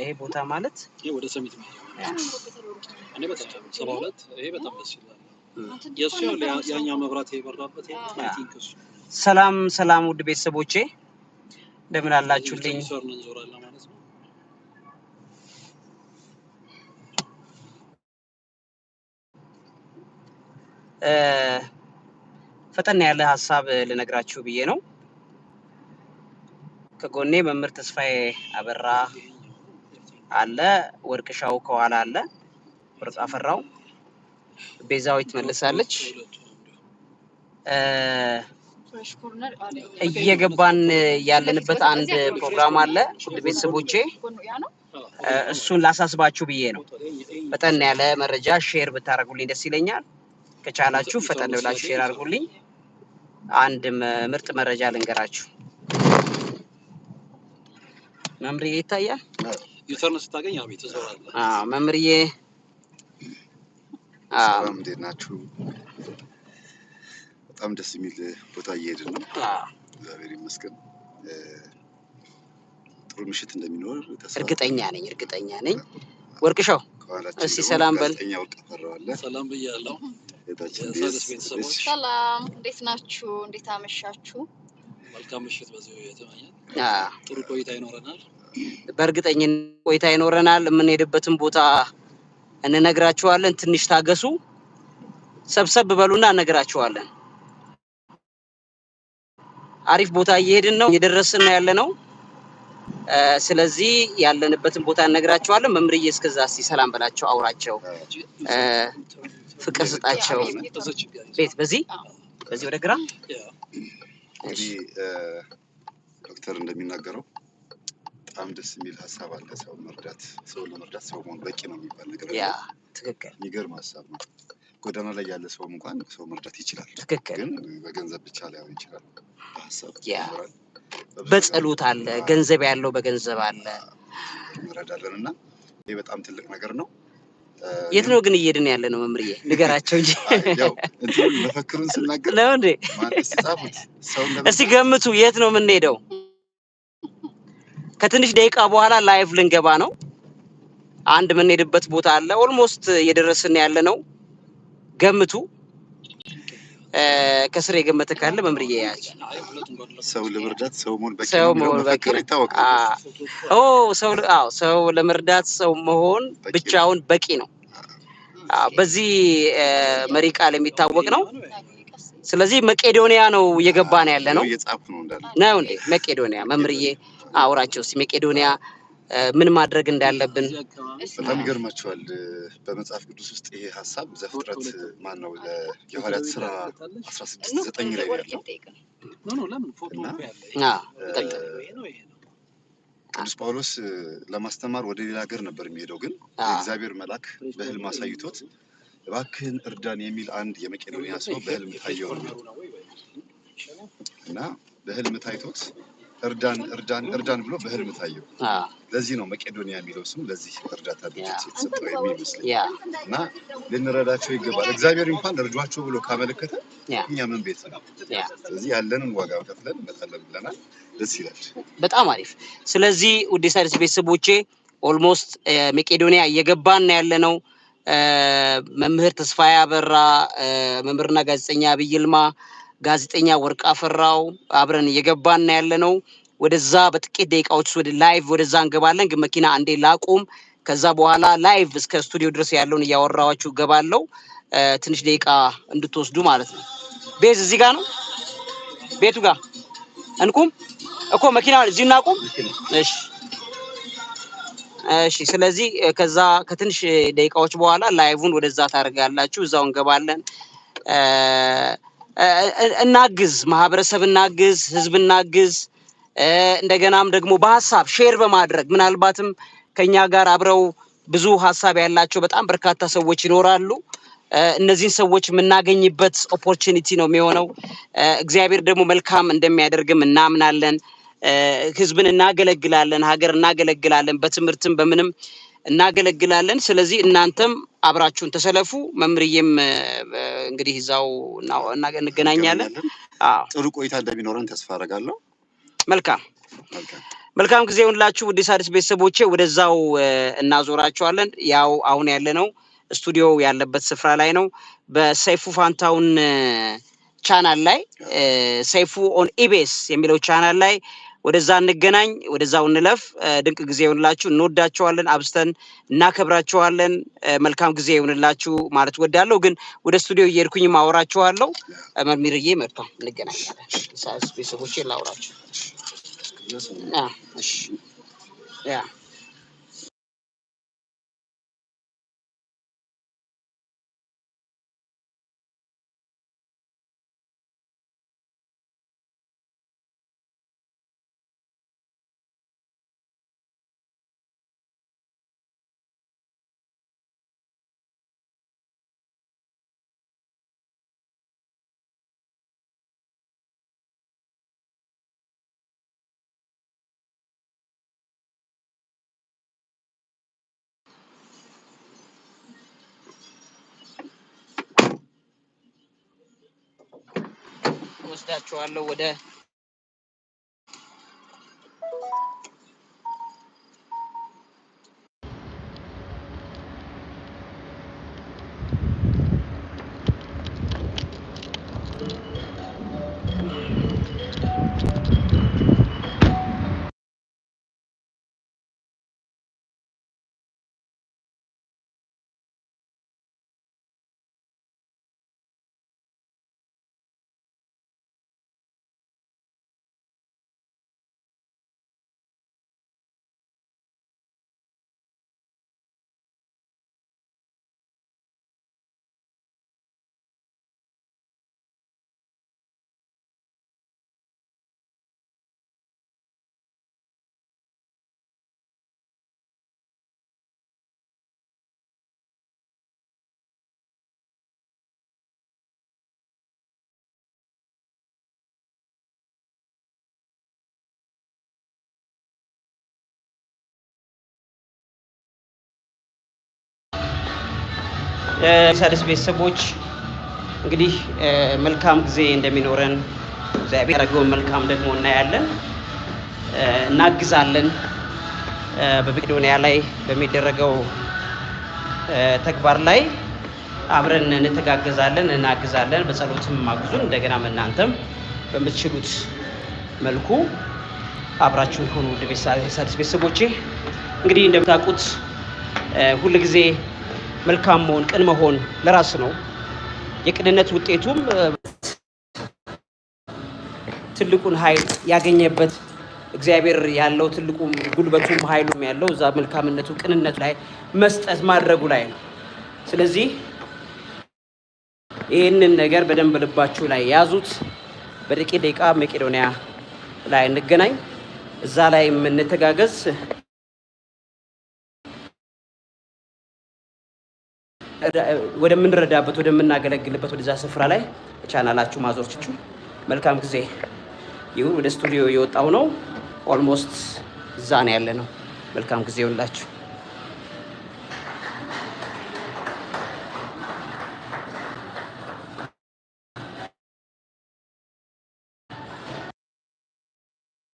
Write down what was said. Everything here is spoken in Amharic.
ይሄ ቦታ ማለት ይሄ ወደ ሰሚት ነው። ይሄ በጣም ደስ ይላል። መብራት ሰላም ሰላም፣ ውድ ቤተሰቦቼ እንደምን አላችሁልኝ? ፈጠን ያለ ሀሳብ ልነግራችሁ ብዬ ነው። ከጎኔ መምህር ተስፋዬ አበራ አለ፣ ወርቅሻው ከኋላ አለ፣ ምርጥ አፈራው፣ ቤዛዊት መልሳለች። እየገባን ያለንበት አንድ ፕሮግራም አለ ውድ ቤተሰቦቼ፣ እሱን ላሳስባችሁ ብዬ ነው። ፈጠን ያለ መረጃ ሼር ብታደርጉልኝ ደስ ይለኛል። ከቻላችሁ ፈጠን ብላችሁ ሼር አድርጉልኝ። አንድ ምርጥ መረጃ ልንገራችሁ። መምሪ ይታያል። ዩተርን ስታገኝ አቤት ትዞራለህ። መምርዬ፣ እንዴት ናችሁ? በጣም ደስ የሚል ቦታ እየሄድን ነው። እግዚአብሔር ይመስገን። ጥሩ ምሽት እንደሚኖር እርግጠኛ ነኝ፣ እርግጠኛ ነኝ። ወርቅሻው እስቲ ሰላም በል። ሰላም ብያለሁ። ቤተሰቦች ሰላም፣ እንዴት ናችሁ? እንዴት አመሻችሁ? መልካም ምሽት። በዚሁ የተመኘን ጥሩ ቆይታ ይኖረናል። በእርግጠኝነት ቆይታ ይኖረናል። የምንሄድበትን ቦታ እንነግራችኋለን። ትንሽ ታገሱ፣ ሰብሰብ በሉና እነግራችኋለን። አሪፍ ቦታ እየሄድን ነው፣ እየደረስን ነው ያለ ነው። ስለዚህ ያለንበትን ቦታ እነግራችኋለን። መምርዬ እስከዛ እስኪ ሰላም በላቸው፣ አውራቸው፣ ፍቅር ስጣቸው። ቤት በዚህ በዚህ ወደ ግራ እንግዲህ ዶክተር እንደሚናገረው በጣም ደስ የሚል ሀሳብ አለ። ሰው መርዳት ሰው ለመርዳት ሰው መሆን በቂ ነው የሚባል ነገር አለ። ትክክል። የሚገርም ሀሳብ ነው። ጎዳና ላይ ያለ ሰውም እንኳን ሰው መርዳት ይችላል። ትክክል። ግን በገንዘብ ብቻ ላይሆን ይችላል። በሀሳብ በጸሎት አለ። ገንዘብ ያለው በገንዘብ አለ እንረዳለን እና ይህ በጣም ትልቅ ነገር ነው። የት ነው ግን እየሄድን ያለ ነው? መምርዬ ንገራቸው እንጂ መፈክሩን ስናገር ነው እንዴ? እስቲ ገምቱ፣ የት ነው የምንሄደው? ከትንሽ ደቂቃ በኋላ ላይቭ ልንገባ ነው። አንድ የምንሄድበት ቦታ አለ። ኦልሞስት እየደረስን ያለ ነው። ገምቱ። ከስር የገመተ ካለ መምርዬ ያች ሰው ለመርዳት ሰው መሆን ሰው ለመርዳት ሰው መሆን ብቻውን በቂ ነው። በዚህ መሪ ቃል የሚታወቅ ነው። ስለዚህ መቄዶንያ ነው እየገባ ነው ያለ ነው ነው እንዴ? መቄዶንያ መምርዬ አውራቸው እስኪ መቄዶንያ ምን ማድረግ እንዳለብን በጣም ይገርማቸዋል። በመጽሐፍ ቅዱስ ውስጥ ይሄ ሀሳብ ዘፍጥረት ማን ነው የሐዋርያት ስራ አስራ ስድስት ዘጠኝ ላይ ያለው ቅዱስ ጳውሎስ ለማስተማር ወደ ሌላ ሀገር ነበር የሚሄደው። ግን እግዚአብሔር መልአክ በህልም አሳይቶት እባክህን እርዳን የሚል አንድ የመቄዶንያ ሰው በህልም ታየው ነው እና በህልም ታይቶት እርዳን እርዳን እርዳን ብሎ በህልም ታየው። ለዚህ ነው መቄዶንያ የሚለው ስም ለዚህ እርዳታ ድርጅት የተሰጠው የሚመስለኝ እና ልንረዳቸው ይገባል። እግዚአብሔር እንኳን እርዷቸው ብሎ ካመለከተ እኛ ምን ቤት ነው? ስለዚህ ያለንን ዋጋ ከፍለን እንመጣለን ብለናል። ደስ ይላል። በጣም አሪፍ። ስለዚህ ውድ ሣድስ ቤተሰቦቼ ኦልሞስት መቄዶንያ እየገባን ያለ ነው። መምህር ተስፋዬ አበራ፣ መምህርና ጋዜጠኛ አብይ ይልማ ጋዜጠኛ ወርቅ አፈራው አብረን እየገባን ያለ ነው። ወደዛ በጥቂት ደቂቃዎች ወደ ላይቭ ወደዛ እንገባለን። ግን መኪና አንዴ ላቁም። ከዛ በኋላ ላይቭ እስከ ስቱዲዮ ድረስ ያለውን እያወራኋችሁ እገባለሁ። ትንሽ ደቂቃ እንድትወስዱ ማለት ነው። ቤዝ እዚህ ጋር ነው ቤቱ ጋር እንቁም እኮ መኪና እዚሁ እናቁም። እሺ እሺ። ስለዚህ ከዛ ከትንሽ ደቂቃዎች በኋላ ላይቭን ወደዛ ታደርጋላችሁ። እዛው እንገባለን። እናግዝ፣ ማህበረሰብ እናግዝ፣ ህዝብ እናግዝ። እንደገናም ደግሞ በሀሳብ ሼር በማድረግ ምናልባትም ከኛ ጋር አብረው ብዙ ሀሳብ ያላቸው በጣም በርካታ ሰዎች ይኖራሉ። እነዚህን ሰዎች የምናገኝበት ኦፖርቹኒቲ ነው የሚሆነው። እግዚአብሔር ደግሞ መልካም እንደሚያደርግም እናምናለን። ህዝብን እናገለግላለን፣ ሀገር እናገለግላለን፣ በትምህርትም በምንም እናገለግላለን። ስለዚህ እናንተም አብራችሁን ተሰለፉ። መምርዬም እንግዲህ እዛው እንገናኛለን። ጥሩ ቆይታ እንደሚኖረን ተስፋ አደርጋለሁ። መልካም መልካም ጊዜ ሁንላችሁ ውድ ሣድስ ቤተሰቦቼ፣ ወደዛው እናዞራችኋለን። ያው አሁን ያለ ነው ስቱዲዮ ያለበት ስፍራ ላይ ነው። በሰይፉ ፋንታውን ቻናል ላይ ሰይፉ ኦን ኢቤስ የሚለው ቻናል ላይ ወደዛ እንገናኝ፣ ወደዛው እንለፍ። ድንቅ ጊዜ ይሆንላችሁ። እንወዳችኋለን፣ አብስተን እናከብራችኋለን። መልካም ጊዜ ይሆንላችሁ ማለት ወዳለሁ። ግን ወደ ስቱዲዮ እየሄድኩኝ አወራችኋለሁ። መርሚርዬ መርታ እንገናኛለን። ቤተሰቦቼ ላውራችሁ what's that? Try lower there. ሳድስ ቤተሰቦች እንግዲህ መልካም ጊዜ እንደሚኖረን እግዚአብሔር ያደረገውን መልካም ደግሞ እናያለን፣ እናግዛለን። በመቄዶንያ ላይ በሚደረገው ተግባር ላይ አብረን እንተጋገዛለን፣ እናግዛለን። በጸሎትም ማግዙን እንደገና እናንተም በምትችሉት መልኩ አብራችሁ የሆኑ ውድ ሳድስ ቤተሰቦቼ እንግዲህ እንደምታውቁት ሁልጊዜ መልካም መሆን ቅን መሆን ለራስ ነው። የቅንነት ውጤቱም ትልቁን ኃይል ያገኘበት እግዚአብሔር ያለው ትልቁም ጉልበቱም ኃይሉም ያለው እዛ መልካምነቱ ቅንነቱ ላይ መስጠት ማድረጉ ላይ ነው። ስለዚህ ይህንን ነገር በደንብ ልባችሁ ላይ ያዙት። በጥቂት ደቂቃ መቄዶንያ ላይ እንገናኝ። እዛ ላይ የምንተጋገዝ ወደምንረዳበት ወደምናገለግልበት ወደዛ ስፍራ ላይ ቻናላችሁ ማዞርችችሁ መልካም ጊዜ ይሁን። ወደ ስቱዲዮ የወጣው ነው። ኦልሞስት እዛ ነው ያለ ነው። መልካም ጊዜ ይሁንላችሁ።